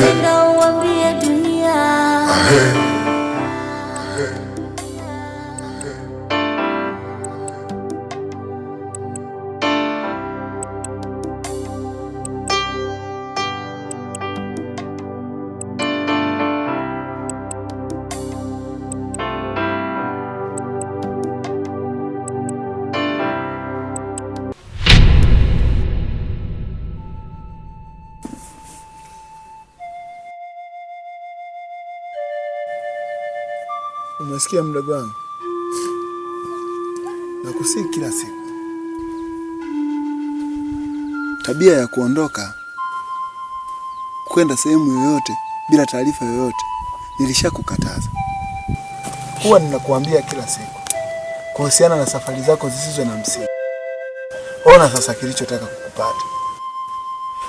Hey. Sikia mdogo wangu, nakusii kila siku, tabia ya kuondoka kwenda sehemu yoyote bila taarifa yoyote nilishakukataza. Huwa ninakuambia kila siku kuhusiana na safari zako zisizo na msingi. Ona sasa kilichotaka kukupata.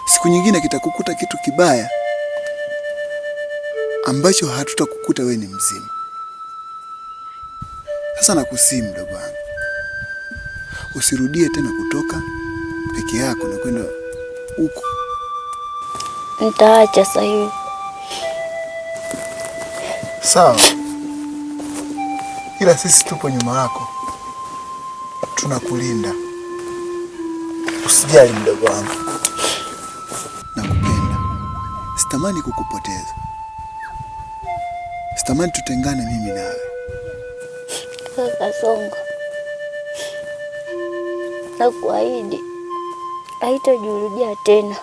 Siku nyingine kitakukuta kitu kibaya ambacho hatutakukuta we ni mzima. Sasa nakusii, mdogo wangu, usirudie tena kutoka peke yako na kwenda huko. Nitaacha sasa hivi. Sawa, ila sisi tupo nyuma yako, tunakulinda. Usijali mdogo wangu, nakupenda. Sitamani kukupoteza, sitamani tutengane mimi nawe. Kaka Kasongo, na kuahidi haitajirudia tena.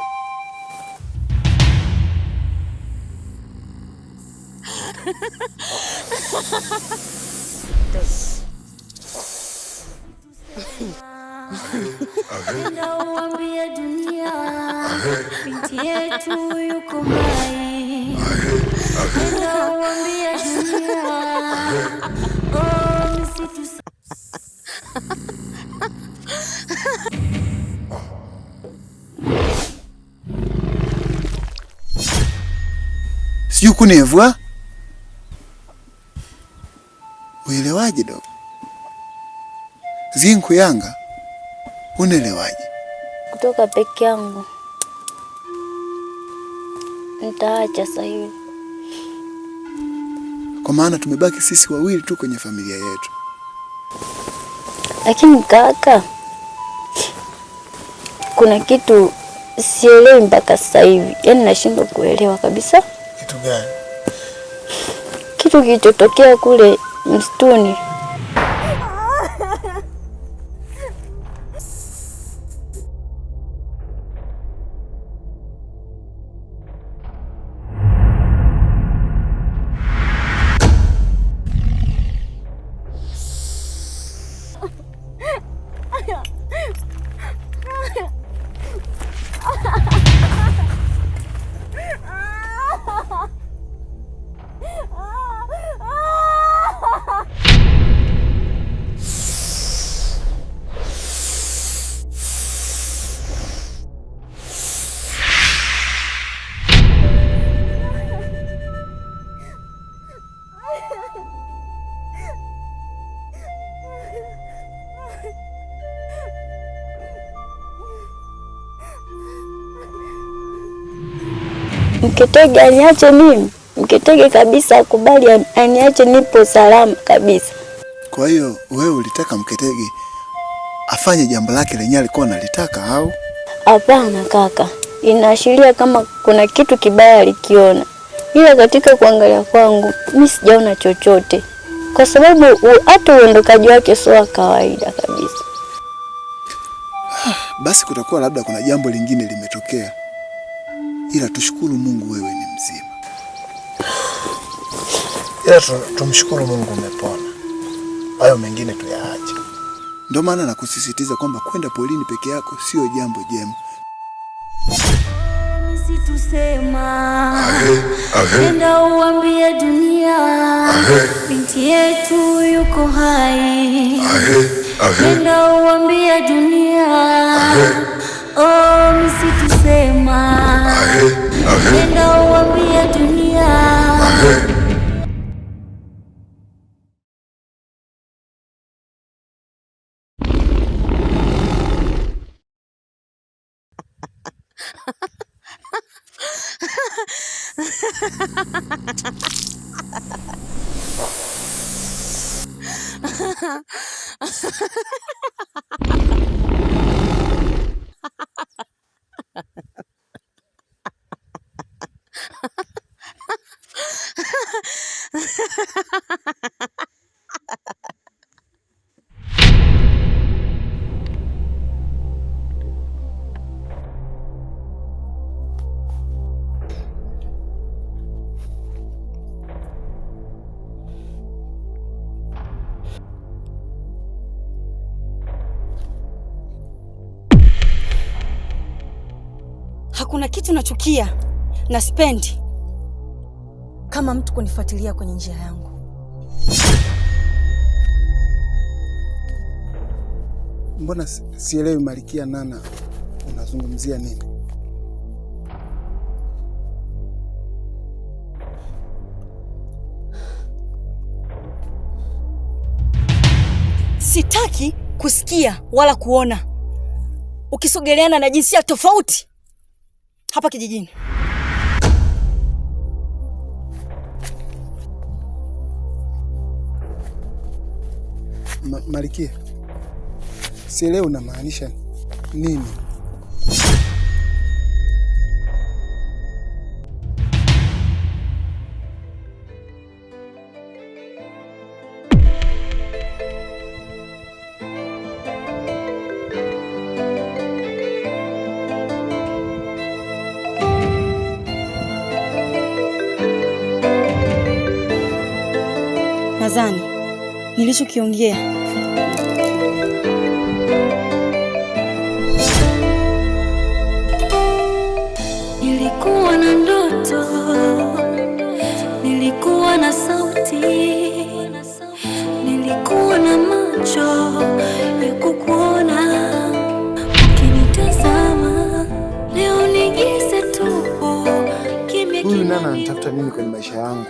Enda dunia binti yetu yuko hai. yukunevua uelewaji dogo zinku yanga unelewaji kutoka peke yangu nitaacha sahivi kwa maana tumebaki sisi wawili tu kwenye familia yetu. Lakini kaka, kuna kitu sielewi mpaka sasa hivi, yaani nashindwa kuelewa kabisa. Kitu gani? Kitu kilichotokea kule msituni Mketege aniache mimi, Mketege kabisa akubali aniache, nipo salama kabisa. Kwa hiyo wewe ulitaka Mketege afanye jambo lake lenye alikuwa analitaka au hapana? Kaka, inaashiria kama kuna kitu kibaya alikiona, ila katika kuangalia kwangu mimi sijaona chochote, kwa sababu hata uondokaji wake sio wa kawaida kabisa. Ah, basi kutakuwa labda kuna jambo lingine limetokea ila tushukuru Mungu, wewe ni mzima, ila tumshukuru Mungu umepona. Hayo mengine tuyaache. Ndio maana nakusisitiza kwamba kwenda polini peke yako sio jambo jema. Msitusema nenda uambie dunia, binti yetu yuko hai, nenda uambie dunia. Oh, msitu kusema, nenda uambie dunia kitu nachukia na spendi kama mtu kunifuatilia kwenye njia yangu. Mbona sielewi, Malikia Nana, unazungumzia nini? Sitaki kusikia wala kuona ukisogeleana na jinsia tofauti hapa kijijini. Ma, Malikia, sielewi unamaanisha nini? mezani nilichokiongea. Nilikuwa na ndoto, nilikuwa na sauti, nilikuwa na macho ya kukuona ukinitazama. Leo nigise tupo kimya Huyu nana anatafuta nini kwenye maisha yangu?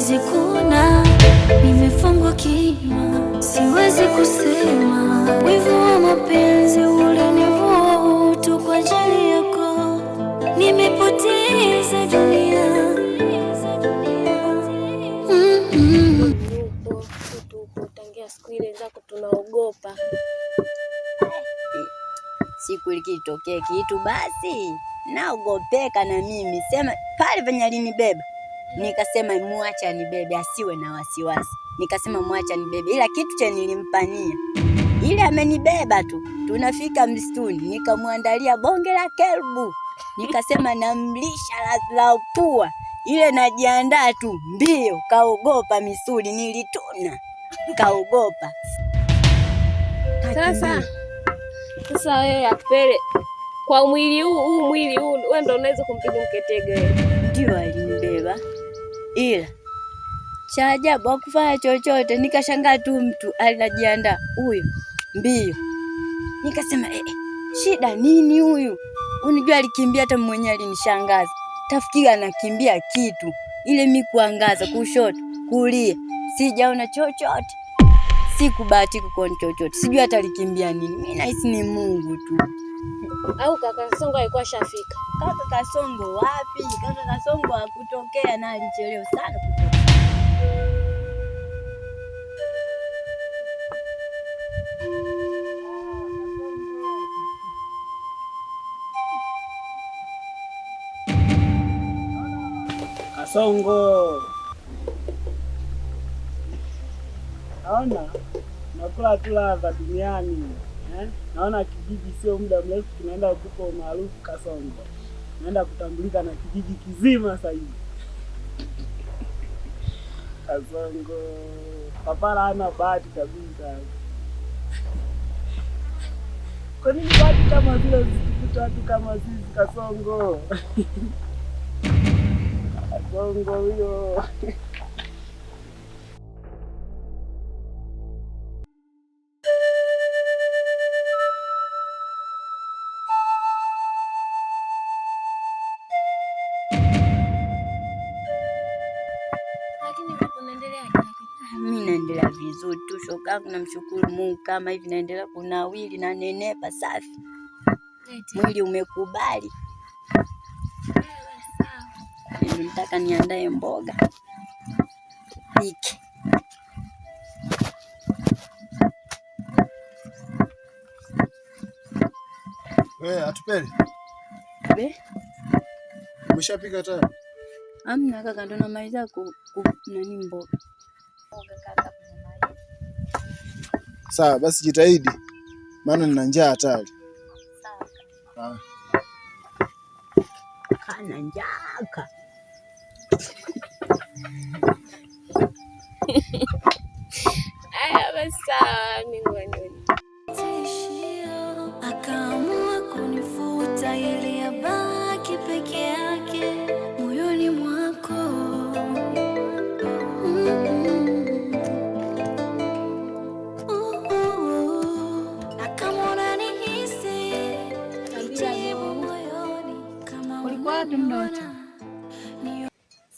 siwezi kuona, nimefungwa kinywa, siwezi kusema. Wivu wa mapenzi ulinivua utu kwa ajili yako, nimepoteza dunia tunaogopa siku ilikitokea kitu basi naogopeka na mimi sema pale venye alinibeba Nikasema mwacha anibebe asiwe na wasiwasi, nikasema mwacha anibebe, ila kitu cha nilimpania ile amenibeba tu. Tunafika msituni, nikamwandalia bonge la kelbu, nikasema namlisha la pua ile, najiandaa tu mbio. Kaogopa, misuli nilituna, kaogopa. Sasa sasa wewe Apele, kwa mwili huu huu mwili huu wewe ndio unaweza kumpiga mketege? Ndio alimbeba ila cha ajabu hakufanya chochote. Nikashangaa tu mtu anajiandaa huyu mbio, nikasema eh, eh, shida nini huyu? Unijua alikimbia, hata mwenyewe alinishangaza. Tafikiri anakimbia kitu, ile mi kuangaza kushoto kulia, sijaona chochote, sikubahatika kuona chochote, sijui hata alikimbia nini. Mi nahisi ni Mungu tu, au kaka Songo alikuwa shafika kaka Kasongo wapi? Kaka Kasongo akutokea na alichelewa sana kutoka. Kasongo naona nakula tuladha duniani eh? Naona kijiji sio muda mrefu kinaenda kukupa umaarufu Kasongo naenda kutambulika na kijiji kizima sasa hivi. Kasongo papara ana bahati kabisa. Kwa nini bahati kama zile zikikuta watu kama sisi? Kasongo, Kasongo huyo vizuri tu, shoga yangu, namshukuru Mungu kama hivi naendelea kunawili na nenepa safi, mwili umekubali. Nitaka niandae mboga pike eh, atupeli umeshapika tayari? Amna kaka, ndo namaliza ku nani mboga Sawa basi, jitahidi, maana nina njaa hatari. Kana njaka Aya, basi sawa.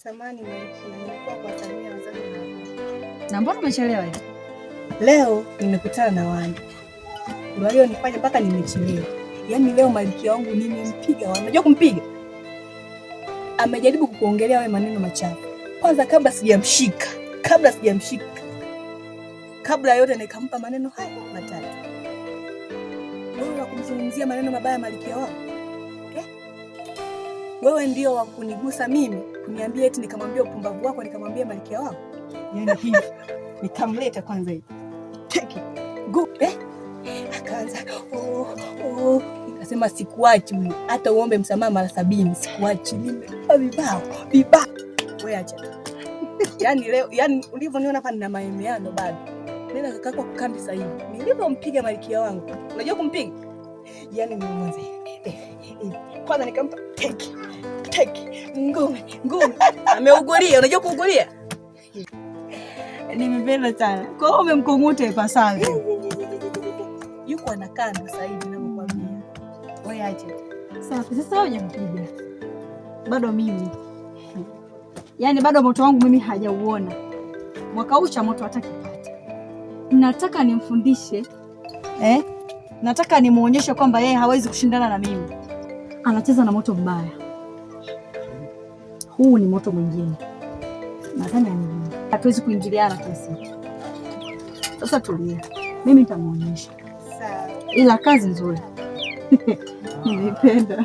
Samani na mbona umechelewa hivi? Leo nimekutana na Wani ndio nifanye mpaka nimechelewa. Yaani leo malkia wangu nimempiga Wani. Unajua kumpiga? Amejaribu kukuongelea wewe maneno machafu. Kwanza kabla sijamshika, kabla sijamshika, kabla yote nikampa maneno haya matatu. Wewe wa kumzungumzia maneno mabaya malkia wako, Eh? Wewe ndio wa kunigusa mimi niambie eti nikamwambia upumbavu wako, nikamwambia malkia wako, yani hivi nikamleta kwanza hivi go eh? Akaanza oh, oh. Nikasema sikuachi mimi, hata uombe msamaha mara sabini, sikuachi nimekupa vibao vibao, wewe acha yani leo yani ulivyoniona hapa nina maemeano bado, nenda kakako kambi sasa hivi. Nilivyompiga malkia wangu, unajua kumpiga yani mwanzo eh, eh, eh. kwanza nikampa teki hataki ngumi ngumi. Ameugulia, unajua kuugulia. Nimependa sana. Kwa hiyo umemkung'uta ipasavyo. Yuko anakaa na Saidi ninavyokuambia. Wewe aje. Safi. Sasa hujampiga bado mimi, yaani bado moto wangu mimi hajauona. Mwaka huu cha moto hataki pata. Nataka nimfundishe eh? Nataka nimwonyeshe kwamba yeye hawezi kushindana na mimi. Anacheza na moto mbaya huu ni moto mwingine, nadhani hatuwezi kuingiliana kiasi. Sasa tulia, mimi nitamwonyesha, ila kazi nzuri nilipenda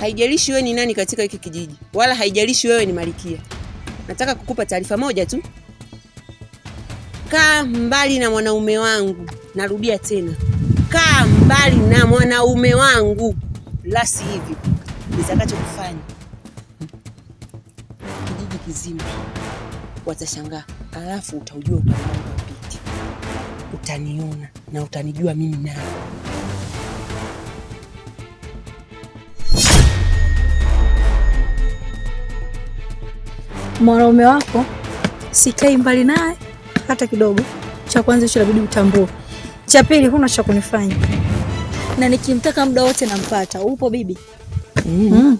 Haijalishi wewe ni nani katika hiki kijiji, wala haijalishi wewe ni malikia. Nataka kukupa taarifa moja tu. Kaa mbali na mwanaume wangu. Narudia tena, kaa mbali na mwanaume wangu, lasi hivyo nitakachokufanya kijiji kizima watashangaa, halafu utaujua upande wangu wa pili, utaniona na utanijua mimi nani. mwanaume wako sikai mbali naye hata kidogo. Cha kwanza hicho inabidi utambue. Cha pili huna cha kunifanya, na nikimtaka muda wote nampata. Upo bibi? mm. Mm.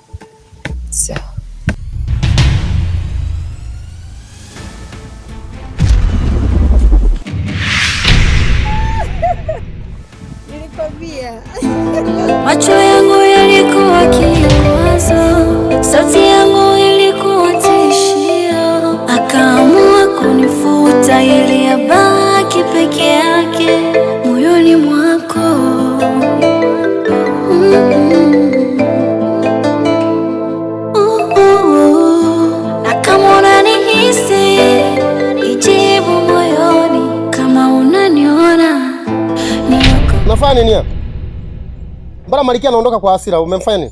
So. Nilikwambia. Umefanya nini? Mbona Malkia anaondoka kwa hasira? Umemfanya nini?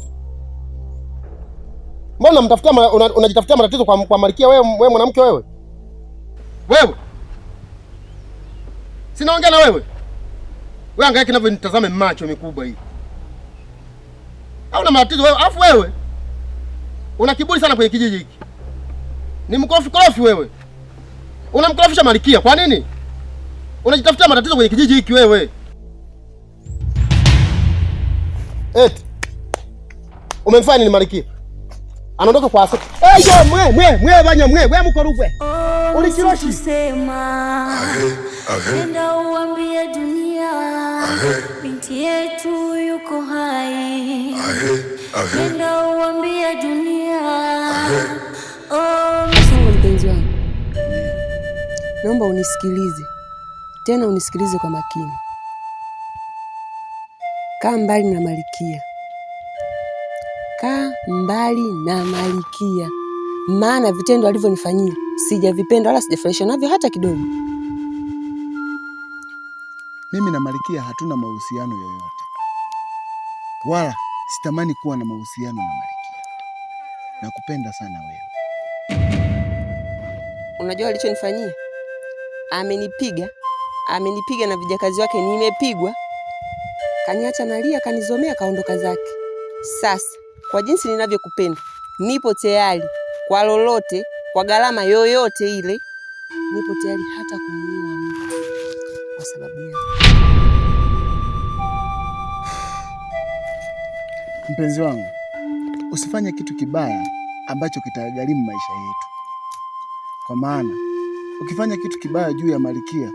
Mbona mtafutia unajitafutia una matatizo kwa, kwa Malkia wewe wewe mwanamke wewe? Wewe. Sinaongea na wewe. Wewe angalia kinavyonitazame macho mikubwa hii. Hauna matatizo wewe, afu wewe. Una kiburi sana kwenye kijiji hiki. Ni mkorofi korofi wewe. Unamkorofisha Malikia kwa nini? Unajitafutia matatizo kwenye kijiji hiki wewe. Eti umemfanya nini Malkia? Anaondoka kwa asili. Eh, mwe mwe mwe banyo mwe wewe mko Ulikiroshi. uambie dunia. Binti yetu yuko hai. uambie dunia. Oh, mpenzi wangu. Naomba unisikilize. Tena unisikilize kwa makini. Kaa mbali na malikia kaa mbali na malikia maana vitendo alivyonifanyia sijavipenda wala sijafurahishwa navyo hata kidogo. Mimi na malikia hatuna mahusiano yoyote, wala sitamani kuwa na mahusiano na malkia. Nakupenda sana wewe. Unajua alichonifanyia? Amenipiga, amenipiga na vijakazi wake, nimepigwa Kaniacha nalia, kanizomea, kaondoka zake. Sasa kwa jinsi ninavyokupenda, nipo tayari kwa lolote, kwa gharama yoyote ile, nipo tayari hata kumuua mtu kwa sababu yako. Mpenzi wangu, usifanye kitu kibaya ambacho kitagharimu maisha yetu, kwa maana ukifanya kitu kibaya juu ya malikia,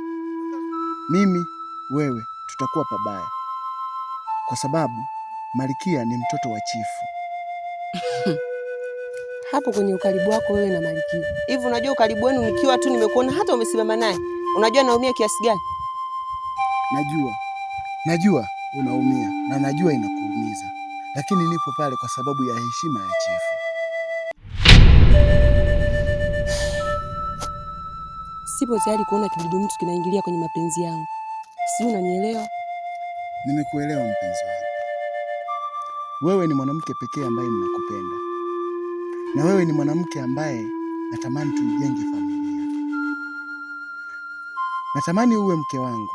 mimi wewe tutakuwa pabaya kwa sababu Malikia ni mtoto wa chifu. Hapo kwenye ukaribu wako wewe na Malikia. Hivi unajua ukaribu wenu, nikiwa tu nimekuona hata umesimama naye, unajua naumia kiasi gani? Najua, najua unaumia na najua inakuumiza, lakini nipo pale kwa sababu ya heshima ya chifu. Sipo tayari kuona kidudu mtu kinaingilia kwenye mapenzi yangu, si unanielewa? Nimekuelewa mpenzi wangu, wewe ni mwanamke pekee ambaye ninakupenda, na wewe ni mwanamke ambaye natamani tuijenge familia. Natamani uwe mke wangu,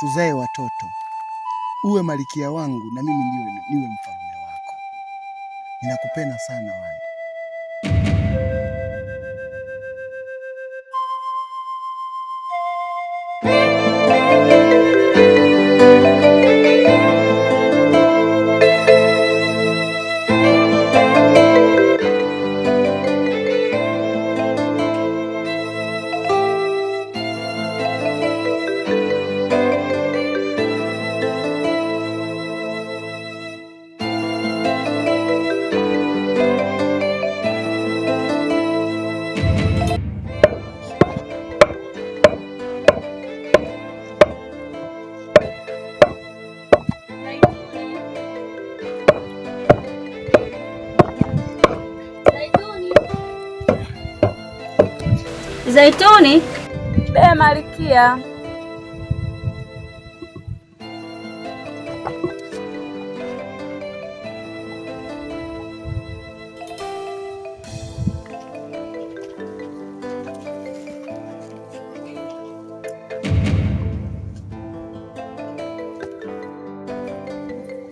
tuzae watoto, uwe malikia wangu na mimi niwe niwe mfalme wako. Ninakupenda sana wangu. moja.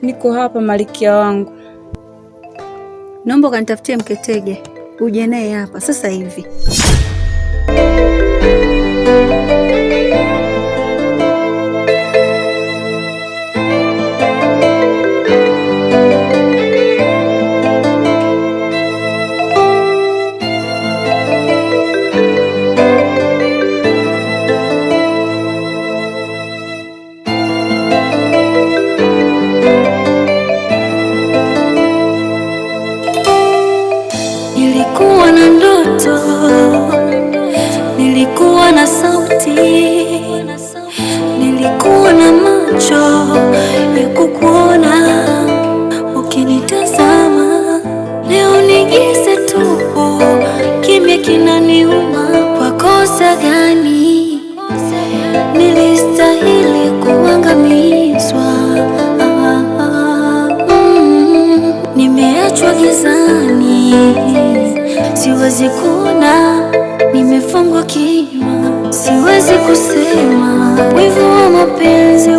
Niko hapa malikia wangu, naomba kanitafutie mketege uje naye hapa sasa hivi. macho ya kukuona ukinitazama. Leo nigise tupo kimya, kinaniuma. Kwa kosa gani nilistahili kuangamizwa? ah, ah, mm, nimeachwa gizani, siwezi kuona, nimefungwa kinywa, siwezi kusema wivu wa mapenzi